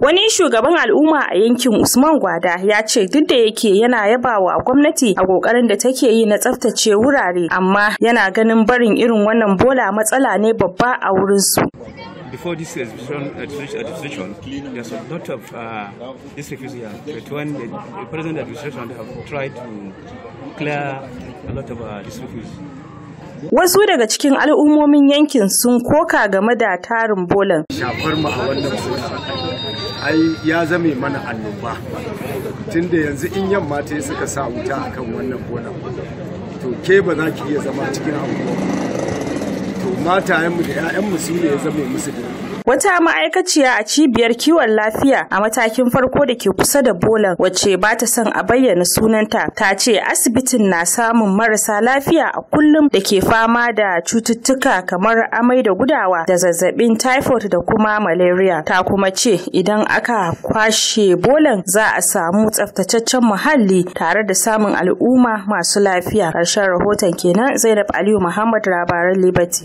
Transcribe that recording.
Wani shugaban al'umma a yankin Usman Gwada ya ce duk da yake yana yabawa gwamnati a kokarin da take yi na tsaftace wurare amma yana ganin barin irin wannan bola matsala ne babba a wurin su. Before this exhibition, administration, there's a lot of uh, this refusal here. But when the, the present administration have tried to clear a lot of uh, this refusal, Wasu daga cikin al'ummomin yankin sun koka game da tarin bolan. Shafar mu a wannan ai ya zame mana annoba. Tunda yanzu in yamma ta suka sa wuta akan wannan bolan. To ke ba za ki iya zama cikin abubuwa. matayenmu da 'ya'yanmu su ne ya zama musu Wata ma'aikaciya a cibiyar kiwon lafiya a matakin farko da ke kusa da bolan wacce ba ta son a bayyana sunanta ta ce asibitin na samun marasa lafiya a kullum da ke fama da cututtuka kamar amai da gudawa da zazzabin typhoid da kuma malaria ta kuma ce idan aka kwashe bolan za a samu tsaftataccen muhalli tare da samun al'umma masu lafiya. Karshen rahoton kenan Zainab Aliyu Muhammad labaran Liberty.